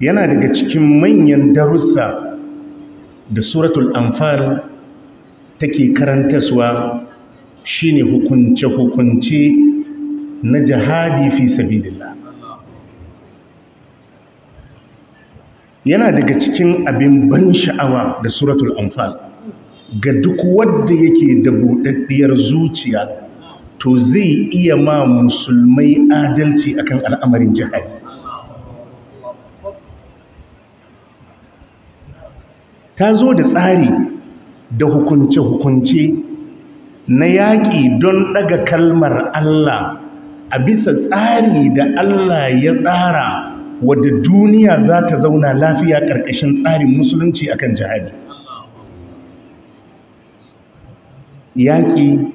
yana daga cikin manyan darussa da suratul anfal take karantaswa shine hukunce-hukunce na jihadi fi sabilillah yana daga cikin abin ban sha'awa da suratul anfal ga duk wanda yake da buɗaɗɗiyar zuciya to zai iya ma musulmai adalci akan al'amarin jihadi ta zo da tsari da hukunce-hukunce na yaƙi don ɗaga kalmar Allah a bisa tsari da Allah ya tsara wadda duniya za ta zauna lafiya ƙarƙashin tsarin musulunci a kan jihadi. Yaƙi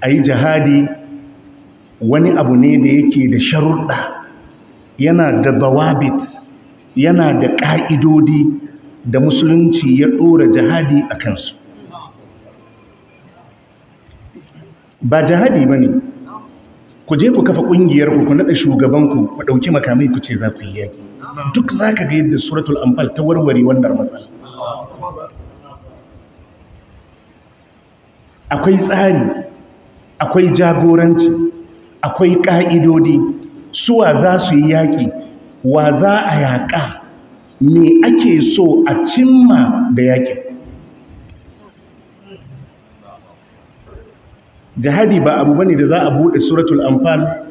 a yi jihadi wani abu ne da yake da sharuɗa yana da zawabit yana da ƙa'idodi da musulunci ya ɗora jihadi a kansu ba jihadi ba ne ku je ku kafa ƙungiyar ku naɗa shugabanku ku ɗauki makamai ku ce za ku yi yaƙi duk za ka ga yadda suratul amfal ta warware wannan matsala akwai tsari akwai jagoranci akwai ƙa'idodi suwa za su yi yaƙi wa za a yaƙa me ake so a cimma da yakin jihadi ba abu bane da za a bude suratul anfal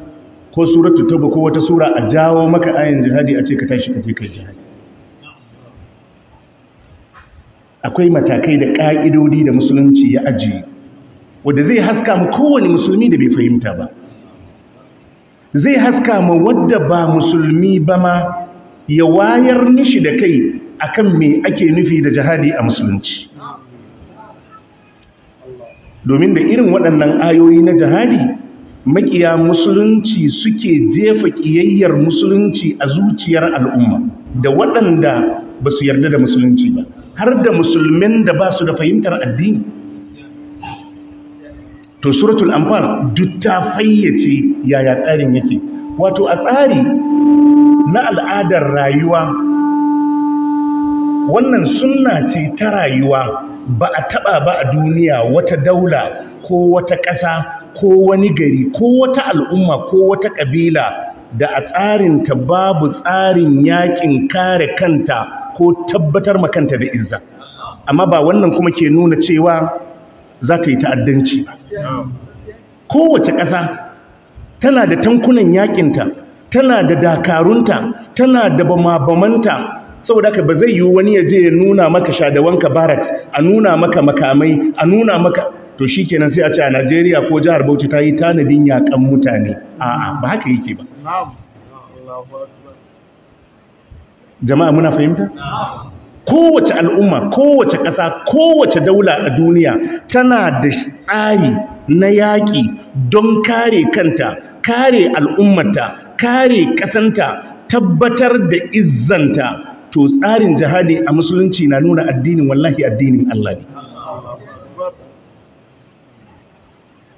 ko suratul tauba ko wata sura a jawo maka ayin jihadi a ce ka tashi ka je kai jihadi akwai matakai da ka'idodi da musulunci ya ajiye wanda zai haska mu kowane musulmi da bai fahimta ba zai haska ma wadda ba musulmi ba ma ya wayar mishi da kai akan me ake nufi da jihadi a musulunci domin da irin waɗannan ayoyi na jihadi makiya musulunci suke jefa ƙiyayyar musulunci a zuciyar al'umma da waɗanda ba su yarda da musulunci ba har da musulmin da ba su da fahimtar addini to suratul amfan duk ta fayyace yaya tsarin yake wato a tsari na al'adar rayuwa wannan suna ce ta rayuwa ba a taɓa ba a duniya wata daula ko wata ƙasa ko wani gari ko wata al'umma ko wata ƙabila da a tsarin ta babu tsarin yakin kare kanta ko tabbatar makanta da izza amma ba wannan kuma ke nuna cewa za ta yi ta'addanci ba kowace ƙasa tana da tankunan yakinta tana da dakarunta tana da bama-bamanta saboda haka ba zai yi wani ya je ya nuna maka shadawanka barracks a nuna maka makamai a nuna maka to shi kenan sai a ce a najeriya ko jihar bauchi ta yi tanadin yakan mutane a'a ba haka yake ba jama'a muna fahimta kowace al'umma kowace ƙasa kowace daula a duniya tana da tsari na yaƙi don kare kanta kare al'ummata kare kasanta, tabbatar da izzanta to tsarin jihadi a musulunci na nuna addinin wallahi addinin Allah ne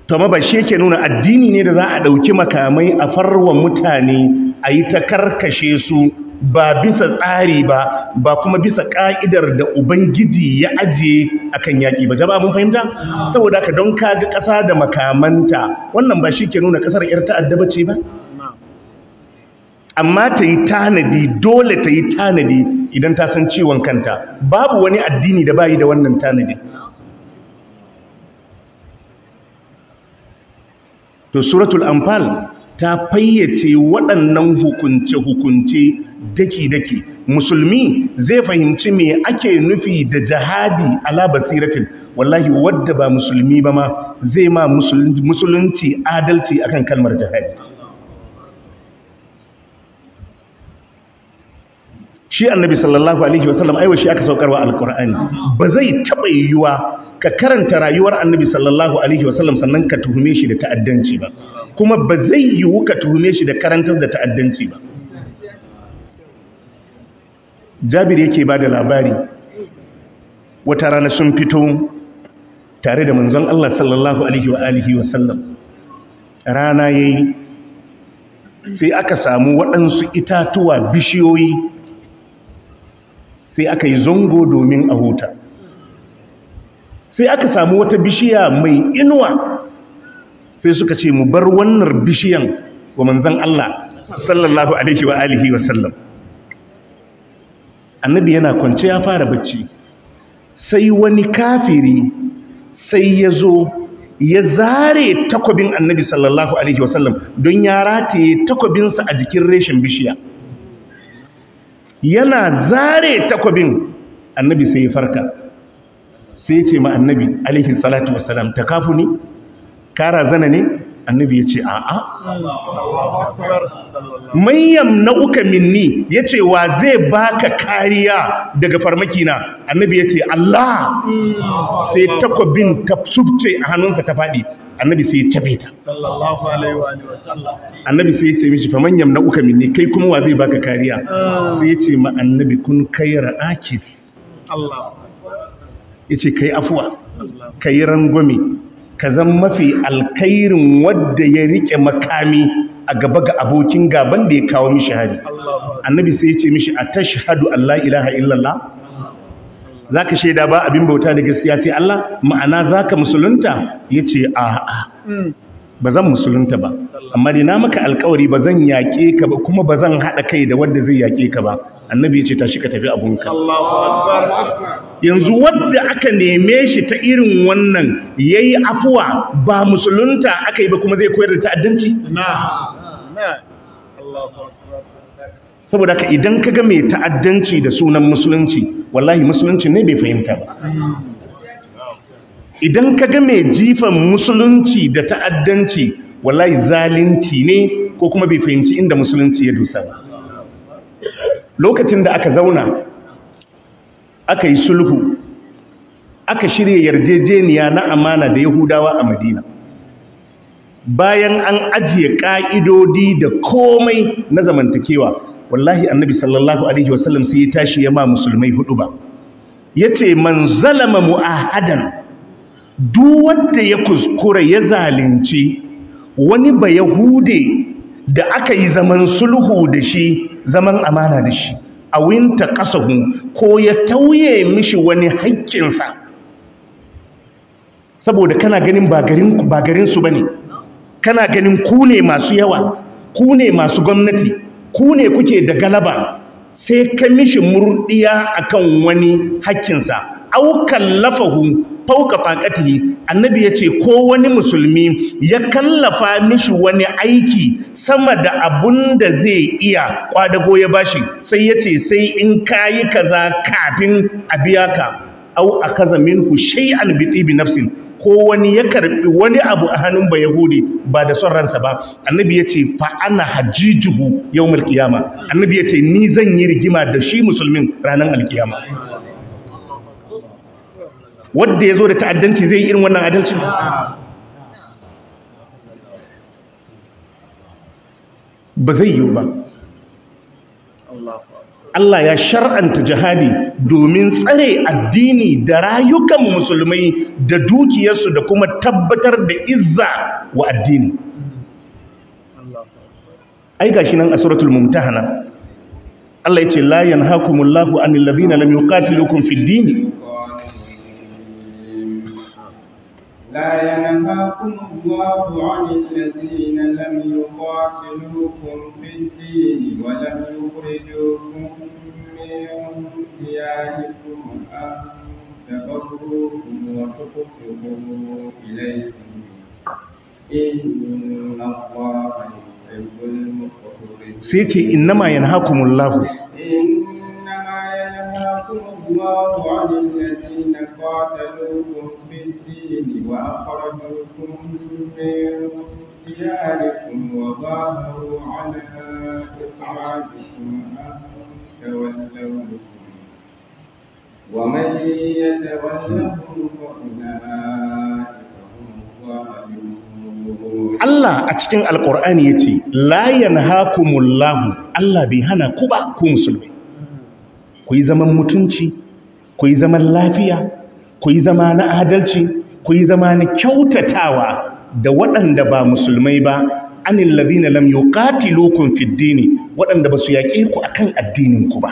to ma ba shi yake nuna addini ne da za a ɗauki makamai a farwa mutane a yi ta karkashe su ba bisa tsari ba ba kuma bisa ka'idar da ubangiji ya ajiye kan yaƙi ba jama'a mun fahimta saboda ka don kaga ƙasa da makamanta wannan ba shi ke nuna ƙasar 'yar ta'adda ce ba amma ta yi tanadi dole ta yi tanadi idan ta san ciwon kanta babu wani addini da bayi da wannan tanadi to suratul amfal ta fayyace waɗannan hukunce-hukunce daki-daki musulmi zai fahimci me ake nufi da jihadi ala basiratin wallahi wadda ba musulmi ba ma zai ma musulunci adalci akan kalmar jihadi shi annabi sallallahu alaihi wasallam aiwa shi aka saukar wa alkur'ani ba zai taɓa yiwuwa ka karanta rayuwar annabi sallallahu alaihi wasallam sannan ka tuhume shi da ta'addanci ba kuma ba zai yiwu ka tuhume shi da karantar da ta'addanci ba jabir yake ba da labari wata rana sun fito tare da manzon Allah sallallahu alaihi wa alihi wasallam rana yayi sai aka samu waɗansu itatuwa bishiyoyi sai aka yi zongo domin a huta sai aka samu wata bishiya mai inuwa sai suka ce mu bar wannan bishiyan wa manzan Allah sallallahu alaihi wa alihi wa sallam annabi yana kwance ya fara bacci sai wani kafiri sai ya zo ya zare takwabin annabi sallallahu alaihi wa sallam don ya rataye takwabinsa a jikin reshen bishiya yana zare takwabin annabi sai ya farka sai ce ma annabi alaihi salatu wassalam ta kafu ne kara zana ne annabi ya ce a'a mayyam na uka minni ya ce wa zai baka kariya daga farmaki na annabi ya ce Allah sai takwabin ta subce a hannunsa ta faɗi annabi sai ya cafe ta sallallahu alaihi wa sallam annabi sai ya ce mishi fa manyan na uka minni kai kuma wa zai baka kariya ah. sai ya ce ma annabi kun kai ra'aki Allah ya ce kai afuwa kai rangwame ka zan mafi alkairin wanda ya rike makami a gaba ga abokin gaban da ya kawo mishi hari annabi sai ya ce mishi a tashhadu Allah ilaha illallah zaka shaida ba abin bauta da gaskiya sai Allah ma'ana zaka musulunta Ya yace a'a mm. ba zan musulunta ba amma da na maka alkawari ba zan yaƙe ka ba kuma ba zan haɗa kai da wadda zai yaƙe ka ba annabi ya ce tashi ka tafi abunka yanzu wadda aka neme shi ta irin wannan ya yi afuwa ba musulunta aka yi ba kuma zai koyar da ta'addanci saboda ka idan ka ga mai ta'addanci da sunan musulunci wallahi musulunci ne bai fahimta ba idan ka ga mai jifan musulunci da ta'addanci wallahi zalunci ne ko kuma bai fahimci inda musulunci ya dusa ba lokacin da aka zauna aka yi sulhu aka shirya yarjejeniya na amana da yahudawa a madina bayan an ajiye ƙa'idodi da komai na zamantakewa wallahi annabi sallallahu alaihi wasallam sai ya tashi ya ma musulmai hudu ba yace man zalama mu'ahadan duk wanda ya kuskura ya zalunci wani ba yahude da aka yi zaman sulhu da shi zaman amana da shi a winta kasahu ko ya tauye mishi wani haƙƙinsa saboda kana ganin ba garinsu ba ne kana ganin ku ne masu yawa ku ne masu gwamnati ku ne kuke da galaba sai ka mishi murdiya akan wani hakkinsa au kallafahu fauka faqatihi annabi yace ko wani musulmi ya kallafa mishi wani aiki sama da abun da zai iya kwadago ya bashi sai yace sai in kayi kaza kafin a biya ka au akaza minhu shay'an bi tibi nafsin ko wani ya karbi wani abu a hannun ba yahudi ba da son ransa ba annabi ya ce fa ana hajijuhu yau annabi ya ce ni zan yi rigima da shi musulmin ranar alkiyama Wadda ya zo da ta'addanci zai yi irin wannan adalcin ba zai yiwu ba Allah ya shar'anta jihadi domin tsare addini da rayukan musulmai da dukiyarsu da kuma tabbatar da izza wa addini. Ai gashi nan a suratul mumtahana. Allah ya ce la yanhakumullahu anil ladina lam yuqatilukum fid din لا ينهاكم الله عن الذين لم يقاتلوكم في الدين ولم يخرجوكم من دياركم أن تبروكم وتقسطوا إليهم إن الله يحب المقصرين سيتي إنما ينهاكم الله إنما ينهاكم الله عن الذين قاتلوكم الدين وأخرجوكم من دياركم وظاهروا على إخراجكم أن تولوهم ومن يتولهم فأولئك Allah a cikin Alƙur'ani ya ce, Layan hakumullahu, Allah bai hana ku ba ku musulmi. Ku yi zaman mutunci, ku yi zaman lafiya, ku yi zama na adalci, ku yi zama na kyautatawa da waɗanda ba musulmai ba anil ladina lam yuqatilukum fid dini waɗanda ba su yaƙe ku a kan addininku ba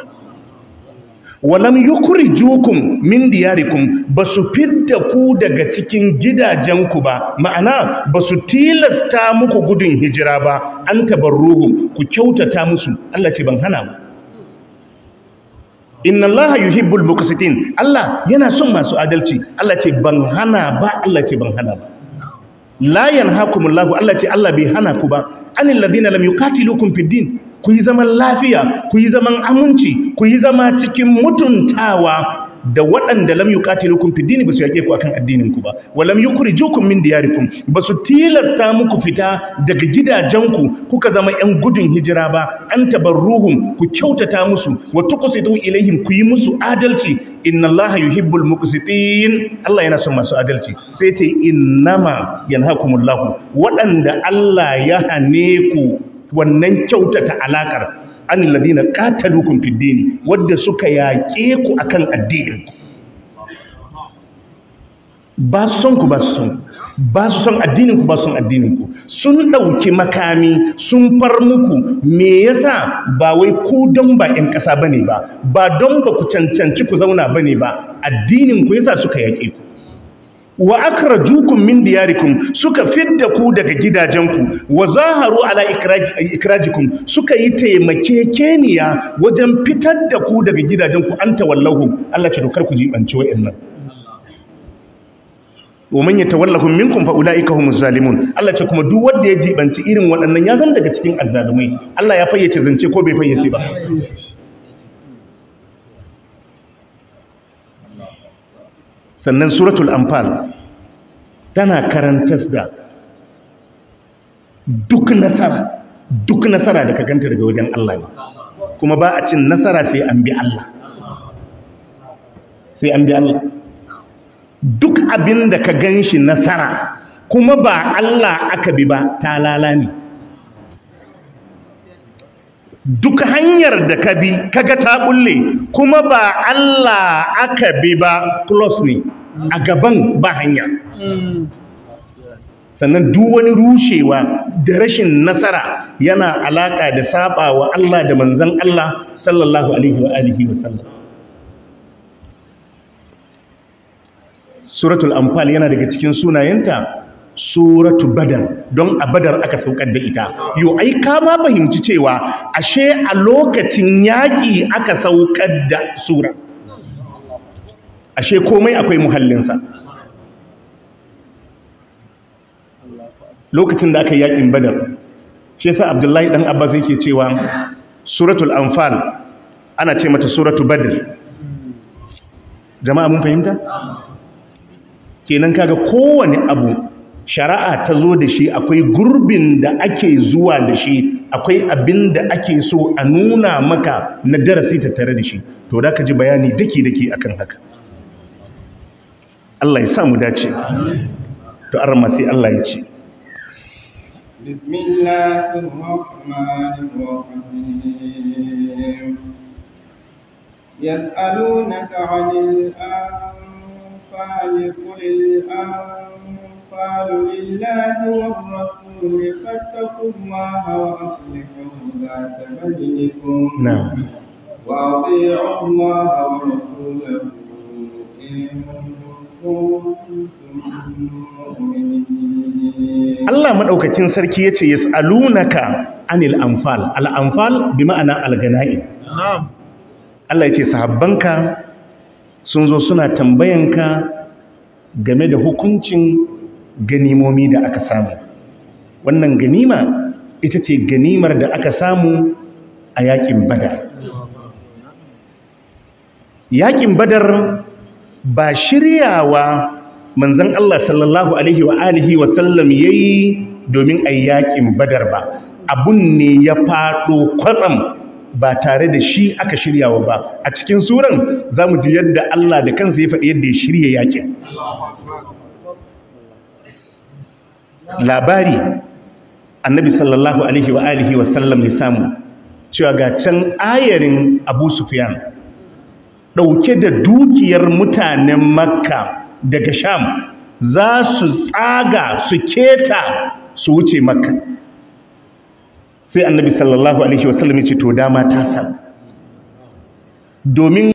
Wa kuri yukhrijukum min diyarikum su fidda ku daga cikin gidajenku ba ma'ana ba su tilasta muku gudun hijira ba an tabarruhum ku kyautata musu Allah ce ban hana ba inna allaha yuhibbul muqsitin Allah yana son masu adalci Allah ce ban hana ba Allah ce ban hana ba la yanhakumullahu Allah ce Allah bai hana ku ba anil ladina lam yuqatilukum fid din ku yi zaman lafiya ku yi zaman aminci ku yi zama cikin mutuntawa da waɗanda lam yuqatilukum fi dini basu yake ku akan addinin ku ba wa lam yukhrijukum min diyarikum basu tilasta muku fita daga gidajenku kuka zama yan gudun hijira ba an tabarruhum ku kyautata musu wa tuqsitu ilaihim ku yi musu adalci inna allaha yuhibbul muqsitin Allah yana son masu adalci sai ya ce innama yanhakumullahu waɗanda Allah ya hane ku wannan kyautata alakar anil ladina qatalukum fid din wadda suka yaƙe ku akan addinin ku ba su son ku ba su son ba su son addinin ku ba su son addinin ku sun ɗauki makami sun far muku me yasa ba wai ku don ba ƴan ƙasa bane ba ba don ba ku cancanci ku zauna bane ba addinin ku yasa suka yake ku wa akrajukum min diyarikum suka fidda ku daga gidajenku wa zaharu ala ikrajikum suka yi taimake keniya wajen fitar da ku daga gidajenku an ta wallahu Allah ce dokar ku jibanci wa'annan wa man yatawallahum minkum fa ulaika humuz zalimun Allah ce kuma duk wanda ya jibanci irin waɗannan ya zama daga cikin azzalumai Allah ya fayyace zance ko bai fayyace ba sannan suratul amfal tana karantas da duk nasara duk nasara da ka ganta daga wajen Allah ne kuma ba a cin nasara sai an bi Allah sai an bi Allah duk abin da ka gan shi nasara kuma ba Allah aka bi ba ta lalani. ne duk hanyar da ka bi kaga ta bulle kuma ba Allah aka bi ba close ne a gaban ba hanya sannan duk wani rushewa da rashin nasara yana alaka da saba wa Allah da manzon Allah sallallahu alaihi wa alihi wa sallam suratul anfal yana daga cikin sunayenta suratu badar don a badar aka saukar da ita yo ai ka ma fahimci cewa ashe a lokacin yaƙi aka saukar da sura ashe komai akwai muhallinsa lokacin da aka yaƙin badar shi yasa abdullahi dan abbas ke cewa suratul anfal ana ce mata suratu badr jama'a mun fahimta kenan kaga kowane abu shari'a ta zo da shi akwai gurbin da ake zuwa da shi akwai abin da ake so a nuna maka na darasi ta tare da shi to da ka ji bayani daki-daki kan haka Allah ya sa mu dace to arma sai Allah ya ce يسألونك عن الأنفال قل الأنفال لله والرسول فاتقوا الله وأصلحوا ذات بينكم نعم وأطيعوا الله ورسوله Allah maɗaukakin sarki ya ce, Yas'alunaka anil amfal, Al Amfal bi ma'ana algana'i. Allah ya ce, sahabbanka sun zo suna tambayanka game da hukuncin ganimomi da aka samu wannan ganima ita ce ganimar da aka samu a yakin badar yakin badar ba shiryawa manzon Allah sallallahu alaihi wa alihi wa sallam yayi domin a yakin badar ba abun ne ya fado kwatsam ba tare da shi aka shiryawa ba a cikin suran zamu ji yadda Allah da kansa ya faɗi yadda ya shirya yakin labari annabi sallallahu alaihi wa alihi wa sallam ya samu cewa ga can ayarin abu sufyan ɗauke da dukiyar mutanen makka daga sham za su tsaga su keta su wuce makka sai annabi sallallahu alaihi wa sallam ya ce to dama ta samu domin